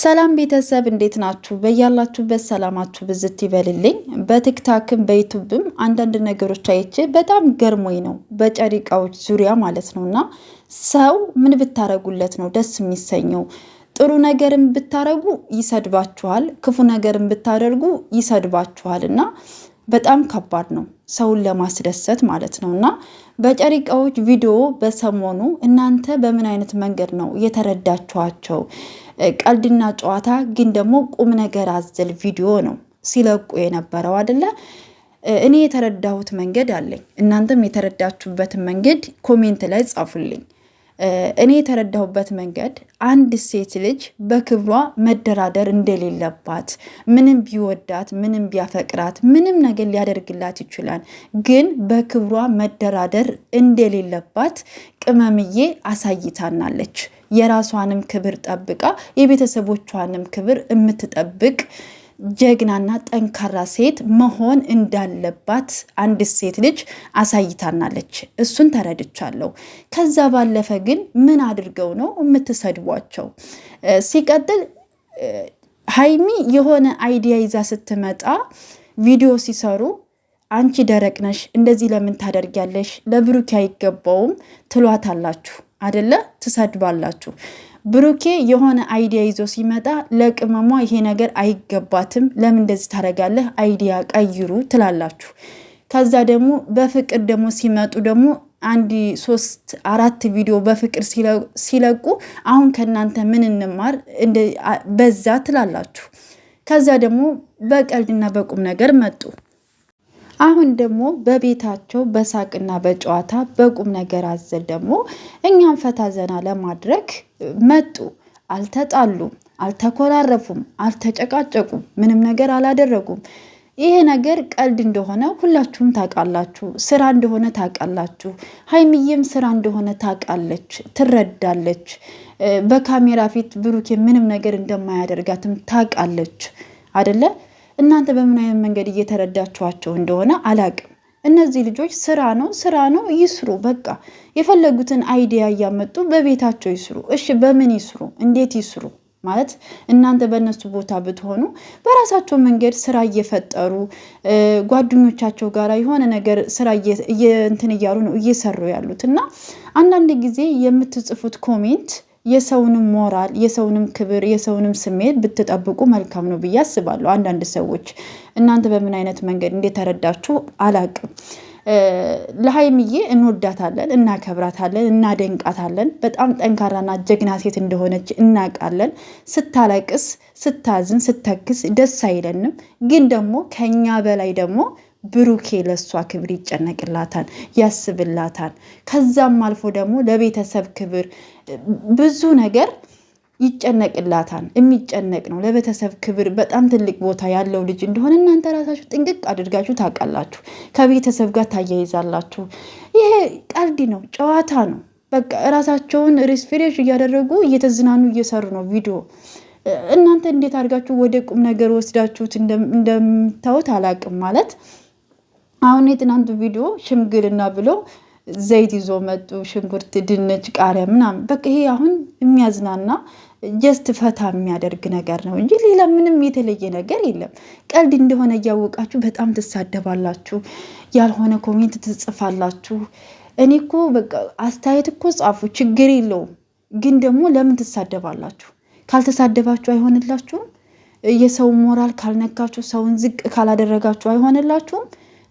ሰላም ቤተሰብ እንዴት ናችሁ? በያላችሁበት ሰላማችሁ ብዝት ይበልልኝ። በቲክታክም በዩቱብም አንዳንድ ነገሮች አይቼ በጣም ገርሞኝ ነው፣ በጨሪቃዎች ዙሪያ ማለት ነው። እና ሰው ምን ብታረጉለት ነው ደስ የሚሰኘው? ጥሩ ነገርን ብታረጉ ይሰድባችኋል፣ ክፉ ነገርን ብታደርጉ ይሰድባችኋል። እና በጣም ከባድ ነው፣ ሰውን ለማስደሰት ማለት ነው። እና በጨሪቃዎች ቪዲዮ በሰሞኑ እናንተ በምን አይነት መንገድ ነው የተረዳችኋቸው? ቀልድና ጨዋታ ግን ደግሞ ቁም ነገር አዘል ቪዲዮ ነው ሲለቁ የነበረው አደለ? እኔ የተረዳሁት መንገድ አለኝ። እናንተም የተረዳችሁበትን መንገድ ኮሜንት ላይ ጻፉልኝ። እኔ የተረዳሁበት መንገድ አንድ ሴት ልጅ በክብሯ መደራደር እንደሌለባት፣ ምንም ቢወዳት፣ ምንም ቢያፈቅራት፣ ምንም ነገር ሊያደርግላት ይችላል፣ ግን በክብሯ መደራደር እንደሌለባት ቅመምዬ አሳይታናለች። የራሷንም ክብር ጠብቃ የቤተሰቦቿንም ክብር የምትጠብቅ ጀግናና ጠንካራ ሴት መሆን እንዳለባት አንድ ሴት ልጅ አሳይታናለች። እሱን ተረድቻለሁ። ከዛ ባለፈ ግን ምን አድርገው ነው የምትሰድቧቸው? ሲቀጥል ሀይሚ የሆነ አይዲያ ይዛ ስትመጣ ቪዲዮ ሲሰሩ አንቺ ደረቅ ነሽ፣ እንደዚህ ለምን ታደርጊያለሽ? ለብሩኬ አይገባውም ትሏታላችሁ። አደለ ትሰድባላችሁ። ብሩኬ የሆነ አይዲያ ይዞ ሲመጣ ለቅመሟ ይሄ ነገር አይገባትም፣ ለምን እንደዚህ ታደርጋለህ? አይዲያ ቀይሩ ትላላችሁ። ከዛ ደግሞ በፍቅር ደግሞ ሲመጡ ደግሞ አንድ ሶስት አራት ቪዲዮ በፍቅር ሲለቁ አሁን ከእናንተ ምን እንማር በዛ ትላላችሁ። ከዛ ደግሞ በቀልድና በቁም ነገር መጡ። አሁን ደግሞ በቤታቸው በሳቅና በጨዋታ በቁም ነገር አዘል ደግሞ እኛም ፈታ ዘና ለማድረግ መጡ። አልተጣሉም፣ አልተኮራረፉም፣ አልተጨቃጨቁም፣ ምንም ነገር አላደረጉም። ይሄ ነገር ቀልድ እንደሆነ ሁላችሁም ታውቃላችሁ። ስራ እንደሆነ ታውቃላችሁ። ሀይሚዬም ስራ እንደሆነ ታውቃለች፣ ትረዳለች። በካሜራ ፊት ብሩኬ ምንም ነገር እንደማያደርጋትም ታውቃለች አደለ? እናንተ በምን አይነት መንገድ እየተረዳችኋቸው እንደሆነ አላቅም። እነዚህ ልጆች ስራ ነው ስራ ነው ይስሩ። በቃ የፈለጉትን አይዲያ እያመጡ በቤታቸው ይስሩ። እሺ፣ በምን ይስሩ? እንዴት ይስሩ? ማለት እናንተ በእነሱ ቦታ ብትሆኑ በራሳቸው መንገድ ስራ እየፈጠሩ ጓደኞቻቸው ጋር የሆነ ነገር ስራ እንትን እያሉ ነው እየሰሩ ያሉት እና አንዳንድ ጊዜ የምትጽፉት ኮሜንት የሰውንም ሞራል የሰውንም ክብር የሰውንም ስሜት ብትጠብቁ መልካም ነው ብዬ አስባለሁ። አንዳንድ ሰዎች እናንተ በምን አይነት መንገድ እንደተረዳችሁ አላቅም። ለሀይምዬ እንወዳታለን፣ እናከብራታለን፣ እናደንቃታለን። በጣም ጠንካራና ጀግና ሴት እንደሆነች እናውቃለን። ስታለቅስ፣ ስታዝን፣ ስተክስ ደስ አይለንም። ግን ደግሞ ከኛ በላይ ደግሞ ብሩኬ ለእሷ ክብር ይጨነቅላታል፣ ያስብላታል። ከዛም አልፎ ደግሞ ለቤተሰብ ክብር ብዙ ነገር ይጨነቅላታል። የሚጨነቅ ነው። ለቤተሰብ ክብር በጣም ትልቅ ቦታ ያለው ልጅ እንደሆነ እናንተ ራሳችሁ ጥንቅቅ አድርጋችሁ ታውቃላችሁ። ከቤተሰብ ጋር ታያይዛላችሁ። ይሄ ቀልድ ነው፣ ጨዋታ ነው። በቃ ራሳቸውን ሪስፍሬሽ እያደረጉ እየተዝናኑ እየሰሩ ነው ቪዲዮ። እናንተ እንዴት አድርጋችሁ ወደ ቁም ነገር ወስዳችሁት እንደምታዩት አላውቅም ማለት አሁን የትናንቱ ቪዲዮ ሽምግልና ብሎ ዘይት ይዞ መጡ። ሽንኩርት፣ ድንች፣ ቃሪያ ምናምን በቃ ይሄ አሁን የሚያዝናና ጀስት ፈታ የሚያደርግ ነገር ነው እንጂ ሌላ ምንም የተለየ ነገር የለም። ቀልድ እንደሆነ እያወቃችሁ በጣም ትሳደባላችሁ፣ ያልሆነ ኮሜንት ትጽፋላችሁ። እኔ እኮ በቃ አስተያየት እኮ ጻፉ፣ ችግር የለውም። ግን ደግሞ ለምን ትሳደባላችሁ? ካልተሳደባችሁ አይሆንላችሁም? የሰው ሞራል ካልነካችሁ፣ ሰውን ዝቅ ካላደረጋችሁ አይሆንላችሁም?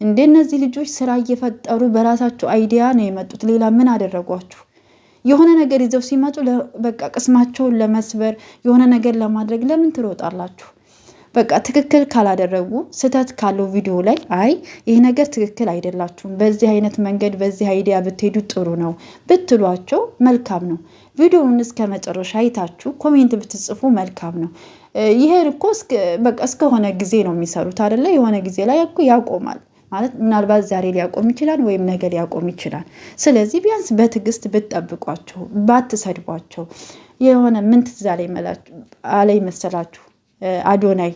እነዚህ ልጆች ስራ እየፈጠሩ በራሳቸው አይዲያ ነው የመጡት። ሌላ ምን አደረጓችሁ? የሆነ ነገር ይዘው ሲመጡ በቃ ቅስማቸውን ለመስበር የሆነ ነገር ለማድረግ ለምን ትሮጣላችሁ? በቃ ትክክል ካላደረጉ ስህተት ካለው ቪዲዮ ላይ አይ ይህ ነገር ትክክል አይደላችሁም፣ በዚህ አይነት መንገድ በዚህ አይዲያ ብትሄዱ ጥሩ ነው ብትሏቸው መልካም ነው። ቪዲዮውን እስከ መጨረሻ አይታችሁ ኮሜንት ብትጽፉ መልካም ነው። ይሄ እኮ በቃ እስከሆነ ጊዜ ነው የሚሰሩት አደለ? የሆነ ጊዜ ላይ ያቆማል። ማለት ምናልባት ዛሬ ሊያቆም ይችላል ወይም ነገ ሊያቆም ይችላል። ስለዚህ ቢያንስ በትዕግስት ብትጠብቋቸው፣ ባትሰድቧቸው። የሆነ ምን ትዝ አለኝ መሰላችሁ አዶናይ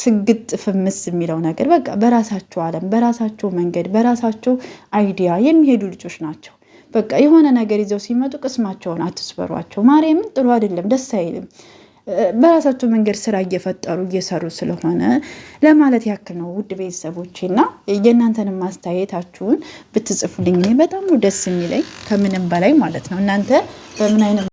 ስግጥ ፍምስ የሚለው ነገር በቃ በራሳቸው ዓለም በራሳቸው መንገድ በራሳቸው አይዲያ የሚሄዱ ልጆች ናቸው። በቃ የሆነ ነገር ይዘው ሲመጡ ቅስማቸውን አትስበሯቸው። ማርያምን ጥሩ አይደለም፣ ደስ አይልም። በራሳቸው መንገድ ስራ እየፈጠሩ እየሰሩ ስለሆነ ለማለት ያክል ነው። ውድ ቤተሰቦቼና የእናንተን ማስተያየታችሁን ብትጽፉልኝ በጣም ደስ የሚለኝ ከምንም በላይ ማለት ነው እናንተ በምን አይነት